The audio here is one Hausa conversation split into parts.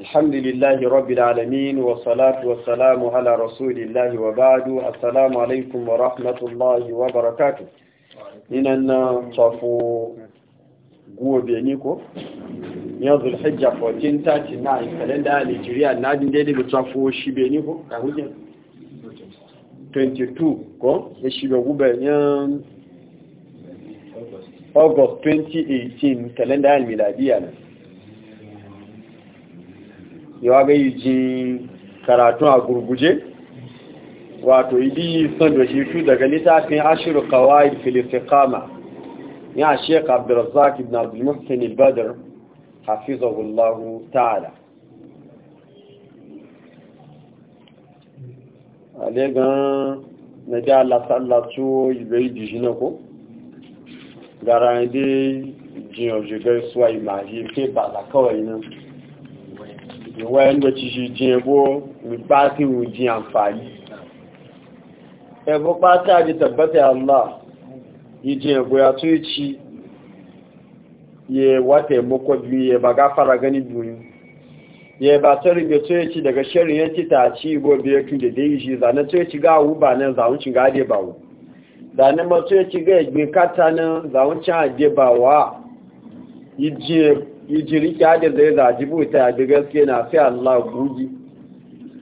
الحمد لله رب العالمين والصلاة والسلام على رسول الله وبعد السلام عليكم ورحمة الله وبركاته إننا صفو gobe ni ko yanzu hajja 1439 kalenda ya nigeria na jin daidai da tsafo shibe 2018 kalenda ya yawa ga yi jin karatu a gurguje wato idi son da shi fi daga littafin ashiru kawai filistikama ya sheik abdulrazak ibn abdulmuhsin badr hafizahullahu ta'ala alegan na ji alasalatu ibe idiji na ko gara ndi jiyan jigar suwa imaji fi ba kawai nan ìwọ ẹgbẹ́ ti ṣe jẹ ẹgbó nípa kí ó jí àǹfààní ẹgbó pátá àti tàbátẹ̀ àlá ìjẹ ẹgbó àtú ìchi yẹ wátẹ̀ mọ́kọ̀ bí yẹ bá gáfàrà gani bùn yẹ bá tọ́rì bẹ tó ìchi daga ṣẹ́rin yẹn títà àti ìgbó bí ẹkù dédé ìṣi zànà tó ìchi gá àwú bà náà zàwọn ci gáàdé bà wù zànà mọ́ tó ìchi gá ẹgbẹ́ kátà náà zàwọn ci àdé bà wà ìjẹ yi jiri ki hadin da ya zaji buta da gaske na fi Allah gugi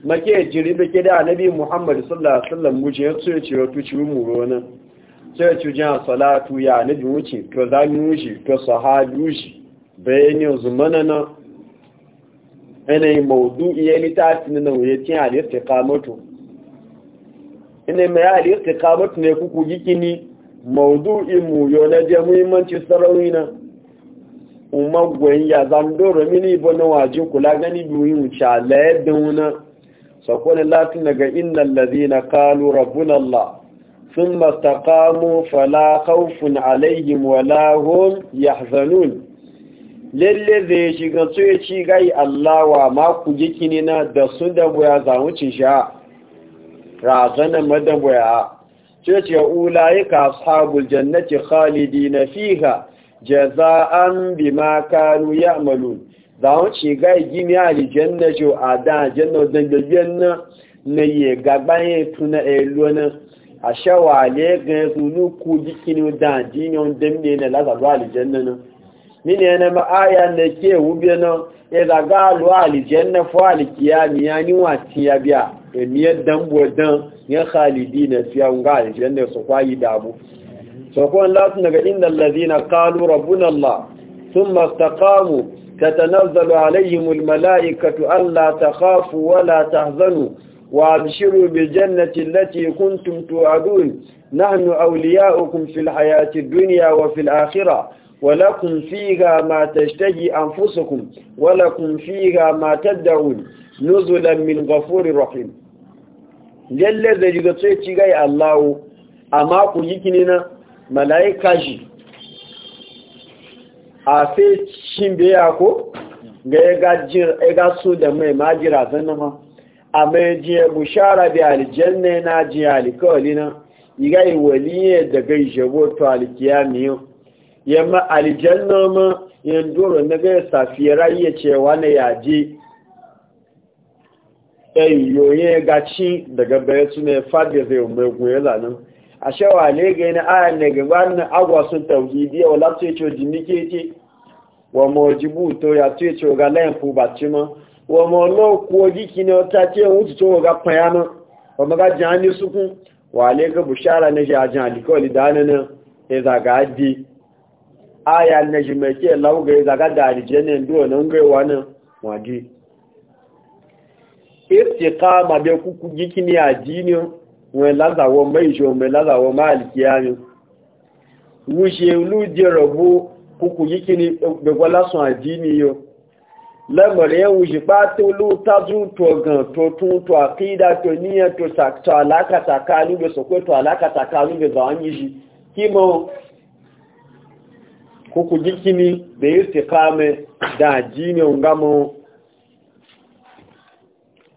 make jiri da ke da annabi Muhammadu sallallahu alaihi wasallam muje ya ce ce wato ci mu rona sai ci jan salatu ya annabi wuce to za mu shi to sahabu shi bayani zumana na yanayin maudu'i ya litafi na nauye cin halittar kamato ina mai halittar kamato ne kuku gikini maudu'in mu yau na je muhimmanci sarauni na umagwen ya zamdoro mini ibo na waje kula gani biyu wuce laye wuna sakwani latin daga innan lazina kalu rabbin Allah sun mastakamu fala khawfun alaihim wala hum yahzanun lalle zai shiga su ya ci gai Allah wa maku jikini na da su da buya zamu ci sha razana madan buya ce ce ulaika ashabul jannati khalidina fiha jaza jaza'an bima kanu malu za wọn ga gai gini alijanna jo a da aljanna dangagen na na yi gagbaye tuna elu na a shawale gan sunu ku jikini da jiniyon damne na lasaru alijanna na mini ma aya na ke wube na ya e ga alu alijanna fo alikiya ni ya ni wa tiya biya emiyar dambo dan ya khalidi na fiya nga alijanna su kwayi damu sakon latin daga inda lalazina kalu rabunallah sun mastakamu ta tanazzalu alaihimul mala'ikatu Allah ta kafu wala ta zanu wa bishiru bi jannatin lati kuntum tu'adun nahnu awliya'ukum fil hayati dunya wa fil akhirah ولكم فيها ما تشتهي أنفسكم ولكم فيها ما تدعون نزلا من غفور رحيم جل ci جدتي Allah amma ku yi kinina. mala'ika ji a sai shin biya ko ga ya gaso da mai majira zan ma a mai jiya bushara da aljanna na jiya alikawali na iga ne daga ishebo to alikiya miyo yamma aljanna ma yin doro na gaya safiyar ya cewa na yaje ɗayoyin ya gaci daga bayan su ne fadda zai umar goyi nan. a shawa ne ga yana ayan ne gabanin agwasun tauhidiyya wala ce ce jinike ce wa mojibu to ya ce ce ga layin fubaci ma wa molo ko jiki ne wata ce wuce to ga fayama wa maga jani sukun wa le ga bushara na jajin alikoli da nan ya e zaga adi. aya na jimake lauga ya e zaga da alijenin duwa nan gaiwa nan wadi istiqama be kuku jiki ne a jiniyo wọn lázàwọ mẹ́ìṣọ mẹ́ lázàwọ máàlìkì ayọ́ wúṣe olújẹrọ̀ bó kúkù yí kí ni gbẹ̀gbọ́ lásán àjí ni yọ lẹ́mọ̀rẹ́ yẹn wùsì pa tó lóòtájú tó ọ̀gàn tó tún tó àkídà tó níyàn tó sàtọ̀ alákàtàkà nígbè sọ̀pẹ́ tó alákàtàkà nígbè zọ̀ án yìí kí mọ́ kúkù yí kí ni bẹ̀yẹ̀ sì ká mẹ́ dáàjí ni òǹgámọ́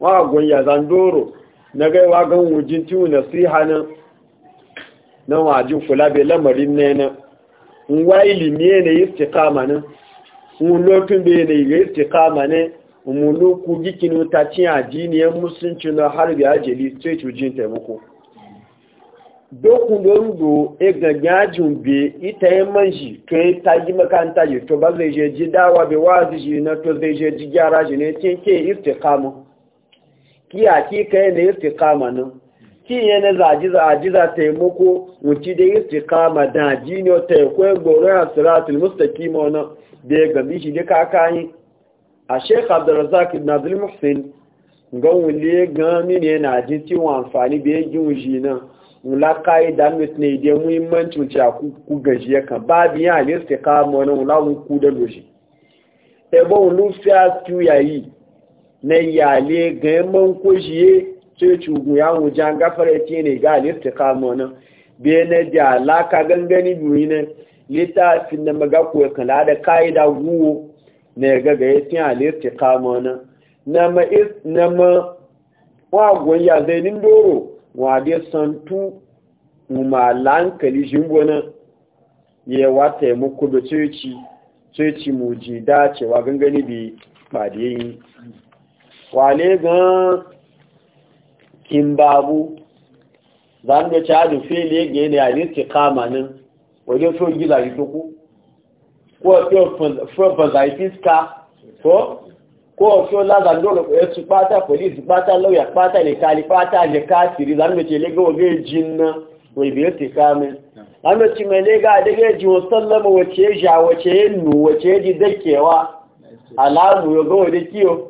wọn àgbọ̀nyà zandóró na gaiwa gan wujin tiwu nasiha na wajin kula bai lamarin ne na in wa ilimi ne yi istiqama nan in lokacin bai ne yi ne gikin ta cin ajiniyar musulunci na harbi sai cujin taimako dokun don e ita yin manji to yi makanta to ba zai je ji dawa bai na to zai je ji gyara ne cin ke istiqama ki hakika yana istiqama nan ki yana zajiza ajiza taimako wuci da istiqama da jiniyo taikon goron asiratul mustaqim wannan da ya gami shi duka kayi a sheikh abdurrazak ibn abdul muhsin ga wule gami ne na ji ciwon amfani da ya gin wuji nan wula kayi da mutane da muhimmancin ci a ku gajiya kan babu yana istiqama wannan wula ku da loji ebe wulu fiya yayi na yale gaiman kushiye sai cugu ya wujan gafara ce ne ga liftika monin bai na da alaka gangani biyu ne littafin maga magakuwa kala da ka'ida guwo na ya gaga ya tiya liftika monin na ma wagon ya zainin doro wade santu umalankali gona ya wata ya muku da ceci ceci mu ji dacewa gangani bi ba da yi wale gan kimbabu za mu ci hadu ne ga yana yadda kama nan wajen so gila yi tuku ko fiye fanzaifi ska ko ko fiye lazar dole ko yasu pata polisi pata lauya pata ne kali pata ne kasiri za mu ci lega wa gai jin nan wai biyar te kame za mu ci mai lega daga ji wasan lama wace ya sha wace ya nu wace ya ji dakewa alamu ya ga wajen kiyo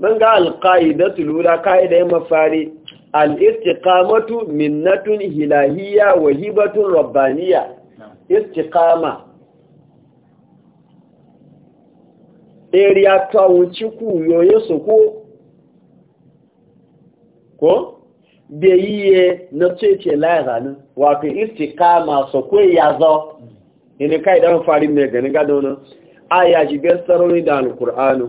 من قال القاعدة الأولى قاعدة مفاري الاستقامة منة هلاهية وهبة ربانية استقامة area tawunci ku yoye su ko ko da na cece laizanin wato istikama su ko ya zo kai dan farin mai gani a ya shigar da alkur'anu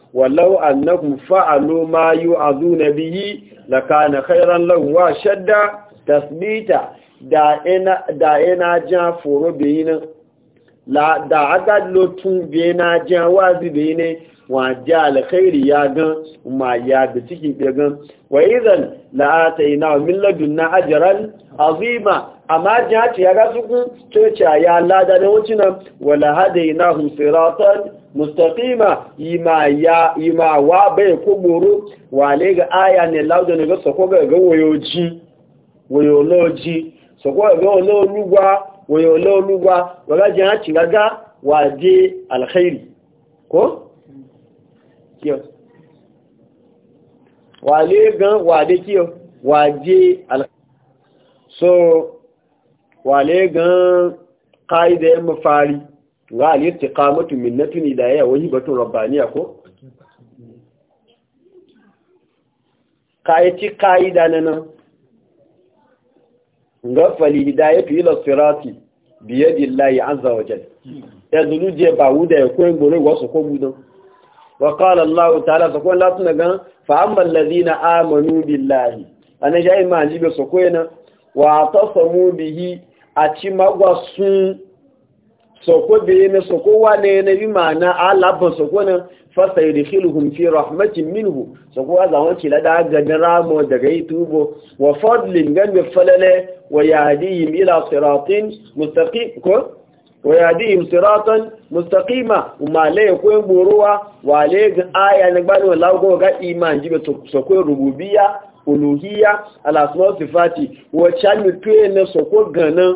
walau annahum fa'alu ma yu'azuna bihi lakana khairan lahum wa shadda tasbita da ina da ina ja foro da aga lotun biye na jiya wazi da ne wa ji alkhairi ya gan ma ya da ciki ya gan wa izan la'ata ina min ladun na azima amma jiya ce ya gasu ku coci a ya lada da wucinan wala hada ina hun siratan mustaqima ima ya ima wa bai wa wale ga aya ne lauda ne ga sako ga wayoji wayoloji sako ga wani wayo lauluwa waga jin hacin gaga waje kí ko? wà wale gan wade kiyo waje alkhairi so wale gan ƙa'ida yan mafari ga aliyarci kamatu minnatun idaya wani batun rabbaniya ko? ƙayaci ƙa'ida na nan nga fali hidayatu ila sirati biyadillahi azza wa jalla ya zulu je ba wuda ya koyi gore wasu ko don wa qala allah ta'ala sako la tuna gan fa amma allazina amanu billahi ana jai ma jibe sako na wa tasamu bihi a ci magwasun soko beye na soko wane na bi ma'ana alaban soko nan fasa yi rikiluhun fi rahmatin minhu soko a zawon kila da ganin ramo daga yi tubo wa fadlin ganga falale wa yi mila siratin mustaqim ko wa yadiyim siratan mustaqima umale ya yakun buruwa wa la ga aya na gbani wa lagu ga iman jibe soko rububiya uluhiya ala sifati wa chanu tuye na soko ganin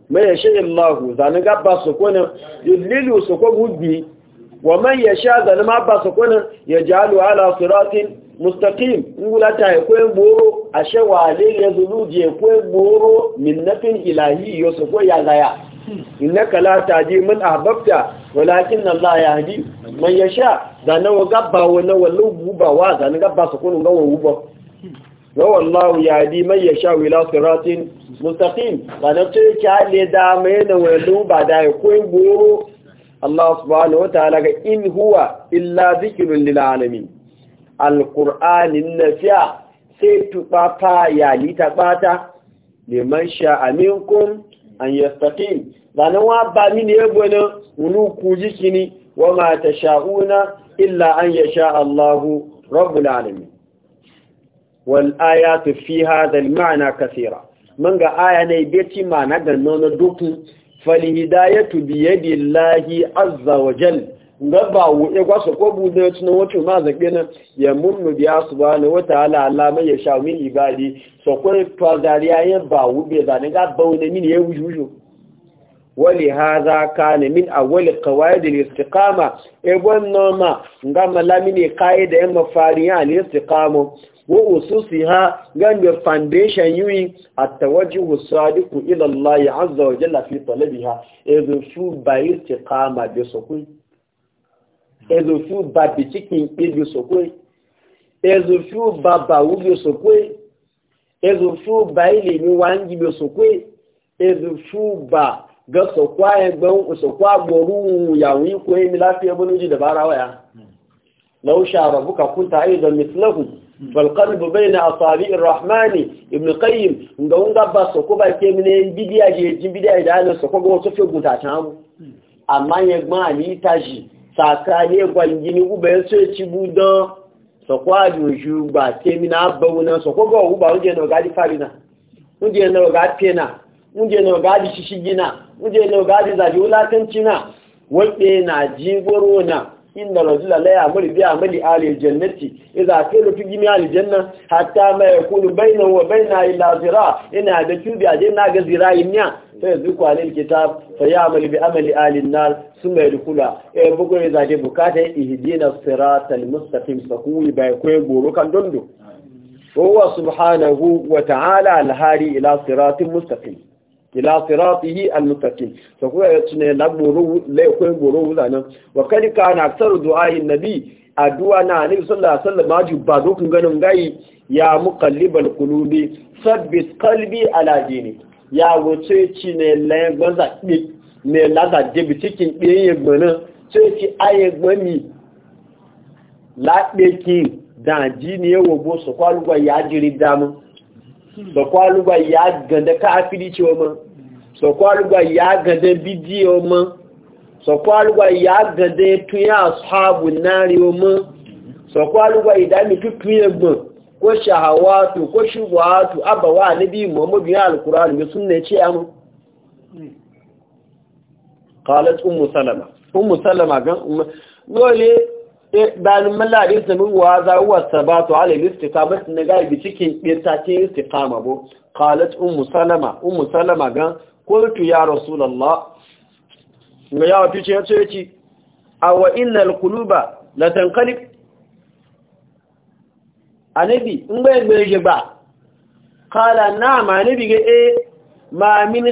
man yasha illahu zani gabba su kone yudlilu su ko wa man yasha zani ma ba su kone ya jalu ala siratin mustaqim ngula ta ko boro ashe wa ya boro min ilahi yo su ko ya zaya innaka la ahbabta walakin yasha Rawallahu ya di mai ya sha wila siratin mustaqim sanar ce ki da mai da wani ba da ya koyi goro Allah subhanahu wataala ga in huwa illa zikirin lil alkur'anin na nafi'a sai tubata ya lita ɓata, liman sha'a minkum an yastaqim sanar wa ba mini yabo ne unu ku ne wa mata sha'una. illa an yasha Allahu rabu alamin والآيات في هذا المعنى كثيرة من قال آية نيبتي معنى قلنا دوكي فالهداية بيد الله عز وجل gaba ya kwasa kwabu da ya tunan wacce ma zaɓe na ya mummu biya su ba na wata ala alamai ya sha min ibadi so kwai e tazariya ya ba wube zane ga ba bauna min ya wuce wuce wali haza kana min awwal qawaid al-istiqama e wannan ma ngama e kayi da yan e mafariya al-istiqama wa ususiha gani foundation yui atawajjuhu sadiqu ila Allah azza wa jalla fi talabiha ezo fu ba istiqama bi sokoi ezo fu ba bi cikin bi sokoi ezo fu ba ba wu bi sokoi ezo fu ba ile mi wangi bi sokoi ezo fu ba ga sokwa egbe sokwa gboru ya wi ko mi lafiya bunuji da barawa ya hmm. law sha rabbuka kunta aidan mithlahu Hmm. falqalbu bayna asabi'ir rahmani ibn qayyim nga unga baso ba ke mine bidiya je jin bidiya da ne so ko go so fe guta tan amma ye gba ni taji sakani gwanjini ube so ci budan so ko aju gba ke abawo na so ko go uba farina inna rajula la ya'muru bi amali ahli aljannati idza kana fi jami'a aljanna hatta ma yakunu bainahu wa bainaha illa zira ina da tubi a jinna ga zira'in ya sai zuku alil kitab fa ya'malu bi amali ahli nar summa yadkhula e bugo ya zade bukata ihdina siratal mustaqim sakuli bai koy goro kan dondo wa subhanahu wa ta'ala al-hadi ila siratin mustaqim ila siratihi almustaqim to kuma ya tune na goro le ko goro wuzana wa kadi kana aksaru du'ai nabi addu'a na annabi sallallahu alaihi wasallam maju ba kun ganin gai ya muqallibal qulubi sabbit qalbi ala dini ya wuce ci ne le gbanza bi ne la da debi cikin ɗiye gbana sai ci aye gbani la ɗe ki da jini ya bo su kwalu ya jiri damu da kwaluba ya ganda kafiri ce wa man so kwaluba ya ganda bidiyo man so kwaluba ya ganda tuya ashabu nari wa man so kwaluba idan tutuye gbon ko shahawatu ko shubuhatu abba wa nabi muhammadu ya alkur'ani mai sunna ya ce a mu qalat ummu salama ummu salama gan dole Eh, bayanin mallari sami wa za wa sabatu ala istiqama sun ga bi cikin ce istiqama bo qalat ummu salama ummu salama ga qultu ya rasulullah ga yawa fice yace yace aw innal na la tanqalib anabi in bai gbe ba qala na'am anabi ga e ma min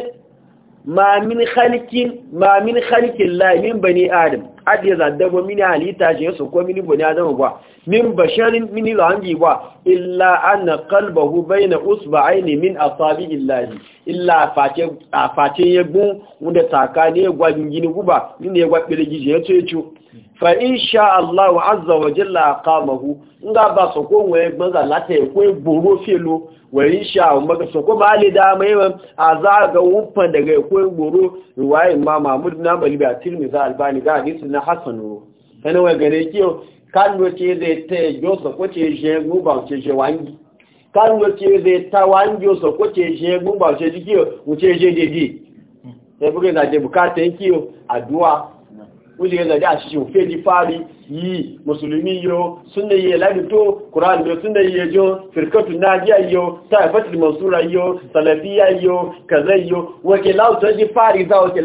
ma min khalikin ma min khalikin la min bani adam ya zadabo min halita je su ko min bani adam ba min basharin min langi ba illa anna qalbahu bayna usba'aini min llahi illa face a face yegun wanda ne gwagin gini guba min ne gwabire gije yato yato fa insha Allah azza wa jalla qamahu nga ba so ko we gbanza lati ko egboro lo wani sha'un maka so kuma ali da a za ga wufan daga ya koyi goro ruwaye ma mahmud na balibi a tirmisa albani ga na hassanu sanin wa gane kiyo kanuwa ce zai ta yosa ko ce je guba ce je wangi kanuwa ce zai ta wangi yosa ko ce je guba ce kiyo wuce je dede sai bukatan kiyo wọ́n yẹ zàdí yi òfé di fáàrí yìí mùsùlùmí yóò súnnà yìí ládùtò kùránì lọ súnnà yìí yóò fìrkàtù náàjíà yóò tàìfẹ́tì mọ̀súra yi sàlẹ̀fíyà yóò kàzẹ́ yóò wọ́kẹ̀ láwùtọ́ di fáàrí za wọ́kẹ̀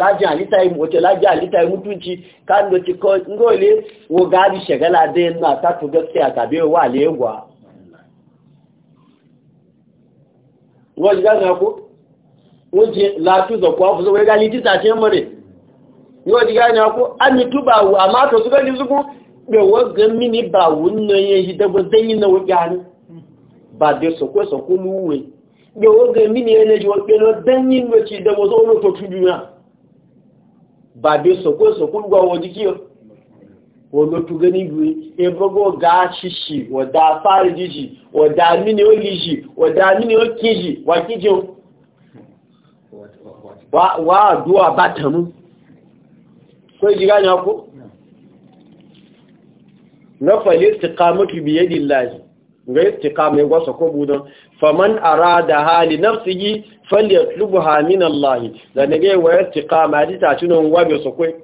lájá àlítà ìmútúnci káàdùn ti kọ́ ngóòlé wo gáàrí ṣẹ̀gálà dé náà tàtù gẹ́sẹ̀ àtàbí wà ga wọ́n ti gá yóò di gane ko an yi tubawu amma to su gani zuku da wagan mini ba wannan yayi da ba zan yi na wajani ba dai so ko so ko luwe da wagan mini yana ji wagan no dan yin wace da ba zo no to tuduna ba dai so ko so ko gwa wodi kiyo wọ́n tó gẹ́ nígbé ẹgbọ́gbọ́ ga wa ṣíṣì ọ̀dá fáàrí wa da mini ó wa da mini ó kíjì wà kíjì W'a duwa bá tàmú ko ji gane ku na falis tiqamatu bi yadillahi ga istiqama ya gwasa ko budan faman da hali nafsihi falyatlubuha min allahi da ne ga wa istiqama ji ta tunan wabe sako.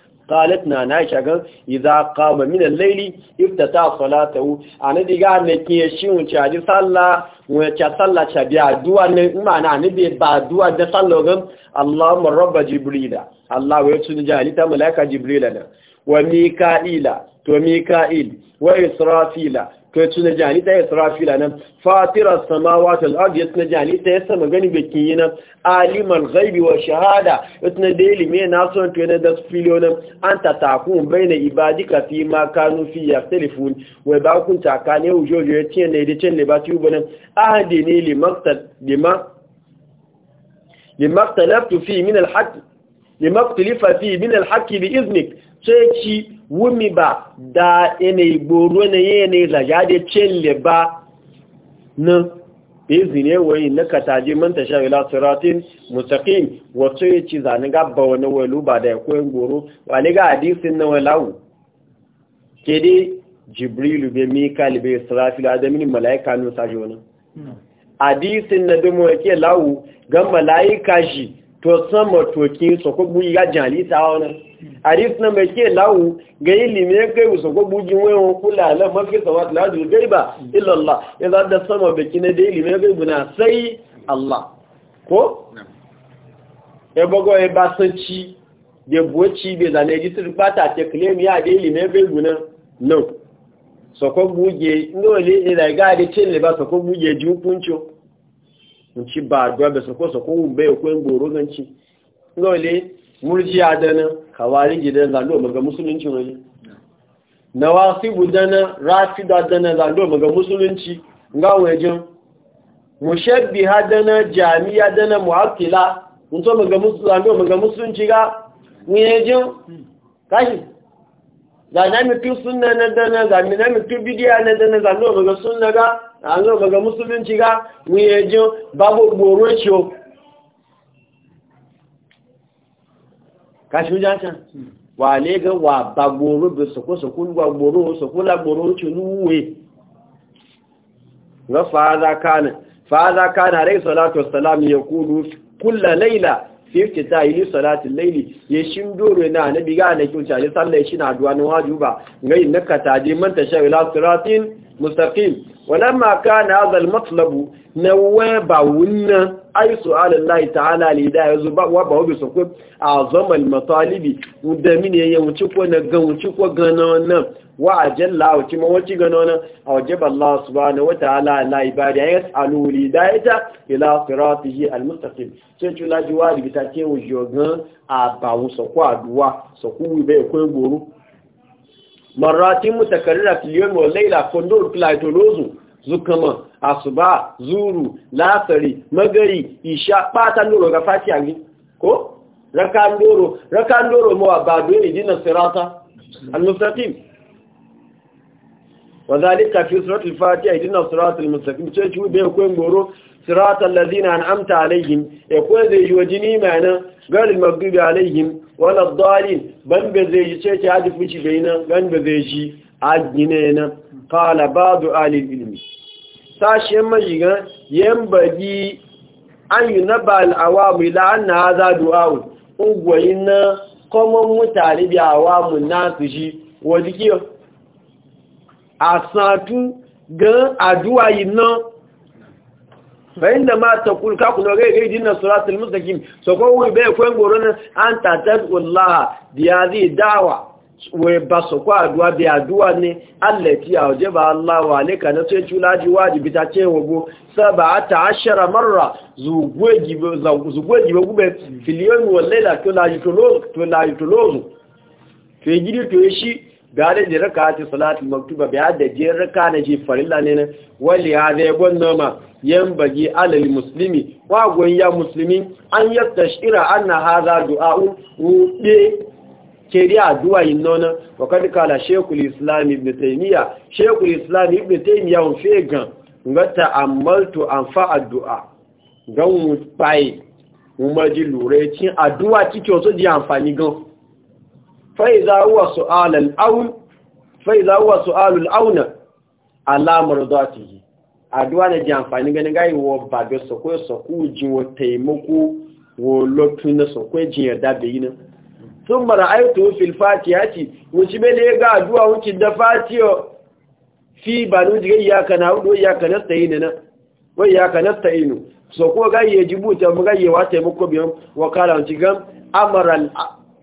قالت نايشا قال إذا قام من الليل افتتا صلاته أنا دي قال لك يشيون تشاجي صلى وتشا صلى تشبيع دوا معنى نبي بعد دوا ده صلى اللهم رب جبريل الله ويتسن جالي ملائكة جبريل وميكائيل وميكائيل وإسرافيل kai tuna jani ta israfila nan fatira sama wata al'adu ya tuna jani ta yasa magani bikin yi nan alimal ghaibi wa shahada ya tuna da ilimi na son to ne da an ta takun baina ibadika fi ma kanu fi yaftalifun wa ba kun takane ujojo ya tiyan ne da tiyan ba tiyu ahadi ne li lima fi min al lima kutulifa fi min alhaki bi iznik sai ci wumi ba da yanayi gboro na yanayi zagade celle ba na izine wani na kataje manta sha ila siratin mustaqim wato ya ci zane gaba wani walu ba da ya koyin goro wani ga hadisin na walawu ke dai jibrilu bai mikali bai israfil adamin mala'ika nusa jona hmm. hadisin na dumo yake lawu ga mala'ika shi to sama to ki so ko na me ke lawu ga ilimi ne kai so ko bu kula la mafi sawat la ju gaiba illa allah idan da sama be kine da ilimi ne kai buna sai allah ko e bogo e basanci de boci e be e da ya da kai ko ga ba so ko ji nci ba addu'a da sako sako mun bai ko ngoro ganci ngole murjiya dana kawari gidan zalo maga musulunci wani na nawasibu dana da dana zalo maga musulunci nga wajin mushabbiha dana jami'a dana mu'attila mun so maga musulunci maga musulunci ga wajin kashi zanami tu sunna na dana zanami tu bidiya na dana zalo maga sunna ga àwọn ọmọ musulunci ga wíyẹ ẹjọ́ bá gbogbo oró o kàṣíwájá can wà lè wà bá gbogbo bí sọkúsọkú gbogbo sọkúlágbòrò ṣe lúwẹ̀ wọ́n fàáza kánà rẹ̀ sọ́látù sàlámù yẹ ta yi laili ya shin dore na nabi ga na kyauta ya sallaye shi na mustaqim walamma kana hadha almatlabu nawaba wunna ay su'al Allah ta'ala li da yazu ba wa ba bi sokwe azama almatalibi mudamin yayi wuci ko na ga wuci ko gana wannan wa ajalla wuci ma wuci gana wannan awjaba Allah subhanahu wa ta'ala la ibadi yasalu li da ita ila siratihi almustaqim ce tula jiwa bi ta ce wujogan a ba wu sokwa aduwa sokwu be ko ngoro maratin mutakarrira filiyon wa laila kondor plaitolozu zukama asuba zuru lasari magari isha bata nuro ga fati angi ko rakan doro rakan doro mawa ba dole dinan sirata al-mustaqim wa dhalika fi suratul fatiha dinan siratul mustaqim ce ci be ko ngoro siratar lalzina an amta alayhim ya kuwa zai yi waji nima nan garin magdubi alayhim wadda dalil ban ba zai yi ce ce ya ji ga bai ban ba zai shi a kala ba du alil ma sashen majiga yan bagi an na ba al'awa mai la'an na haza du'awun ugwayin na kwamon mutane bi awa na su shi wajikiyar a satu ga aduwa yi fa'in da mata kun kaku na gaigai dinar suratul mustakim so kowai bai kwen na an tatar wallaha da ya zai dawa wai e ba su kwa aduwa da aduwa ne allafi a waje ba Allah wa ka na sai e culaji wajibi ta ce wago saba ta ashara marra zugwe gibe gube filiyon to e shi gare ne raka ta salatul maktuba bi hada je raka na je farilla ne na wali ya ya gwanna ma yan bagi alal muslimi wa gwan ya muslimi an yattashira anna hadha du'a'u ude keri addu'a innona wa kad kala shaykhul islam ibn taymiya shaykhul islam ibn taymiya un fegan ngata amaltu anfa addu'a gan mu pai mu maji lure cin addu'a kike so ji amfani gan Faiza هو سؤال الأول فإذا هو سؤال الأون على addu'a da ji amfani ganin yi wa ba da sako sako ji wa taimako wa lotu na sako ji yarda da yi nan sun mara aito fil ya ce wuce bele ga addu'a wuce da yau fi ba nu jiga iyaka na hudu iyaka na stayinu ya kana iyaka na stayinu sako yi ya jibuta mu yi wa taimako biyan wa kala wuce gam amaral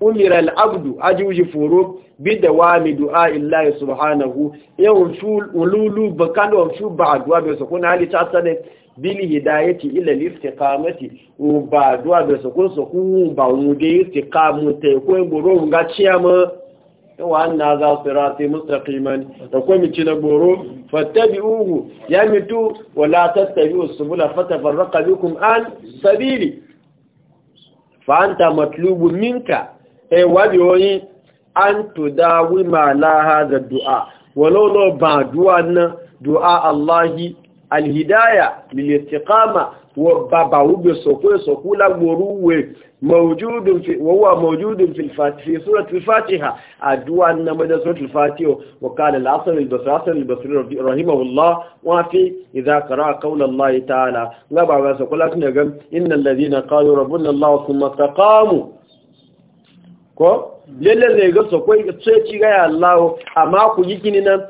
umira al'abdu aji wuji foro bi da wa mi du'a illahi subhanahu ya ululu bakan wa shu ba a addu'a bai sako na halitta sane bil hidayati ila istiqamati u ba a addu'a bai sako sako ba mu de istiqamu te ko ngoro nga ciyama wa na za su sirati mustaqiman da ko mi cina goro fattabi'uhu ya mitu wa la tattabi'u subula fatafarraqa bikum an sabili fa anta matlubun minka e wabiyoyi an tudawi ma laha da du'a walau no ba du'a na du'a Allahi alhidaya lil istiqama wa baba ube sokwe sokula goruwe mawjudun fi wa huwa mawjudun fil fatiha surati al fatiha adwa na mada surati al fatiha wa qala al asr al basr asr al basr rahimahullah wa fi idha qara qawla allah ta'ala ngaba ga sokula tun ga innal ladina qalu rabbuna allah thumma istaqamu ko lalle ne ga sakwai kai sai ci ga Allah amma ku yi kini nan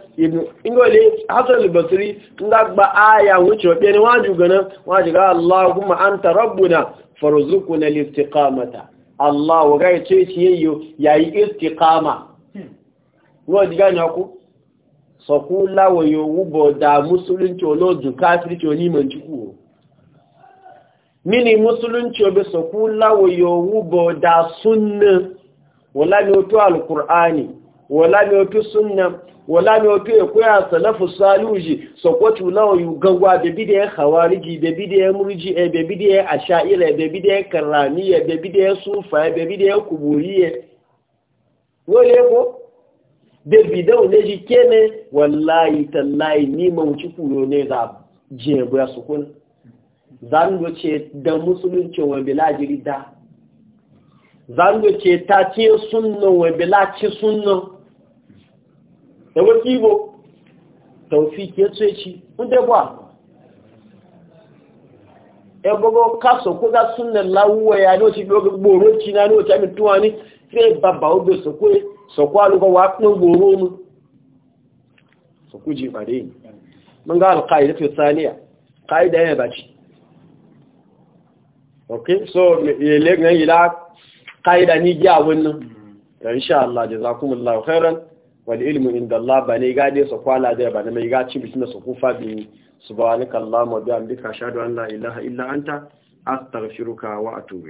ingole Hassan al-Basri inda ba aya wuce be ne waju ga nan waju ga Allahumma anta rabbuna farzuku na istiqamata Allah wa ga ce ci yayyo yayi istiqama wọ́n jìgá ní ọkú sọ̀kú láwọ̀ yóò wúbọ̀ da musulunci olóòdù káfíríkì onímọ̀ jíkú o mini musulunci obi sọ̀kú láwọ̀ yóò da sunan? wala mi otu alkur'ani wala mi otu sunna wala mi otu ekoya salafu saluji sokotu lawo yugagwa da bidiyan khawariji da bidiyan murji e da bidiyan asha'ira da e, bidiyan karramiya da bidiyan sufa da e, bidiyan kuburiye wole ko bi bidau ne shi kene wallahi tallahi ni wuci kuro ne za jebu ya sukun zan ce da musulunci wa bilajiri da Za zango ce ta ce sunnan wa bila ci sunnan da wata igbo taufik ya ce ci inda ba ya gbogbo kaso ko ga sunan lawuwa ya ní oṣù gbogbo ci na ní oṣù àmì tuwa ní fẹ́ bàbá ogbe sọ̀kọ́ alùkọ́ wa pín gbòòrò mu? sọ̀kú ji ìpàdé yìí mun ga alƙa'ida fi saniya ƙa'ida yana ba ci ok so yele gan yi la ƙa'ida ni giya wannan da insha Allah jazakumullahu khairan wani ilmu inda Allah ba ne gade su kwala da ba ne mai gaci bikin su kufa bi subhanakallahumma wa bihamdika ashhadu an la ilaha illa anta astaghfiruka wa atubu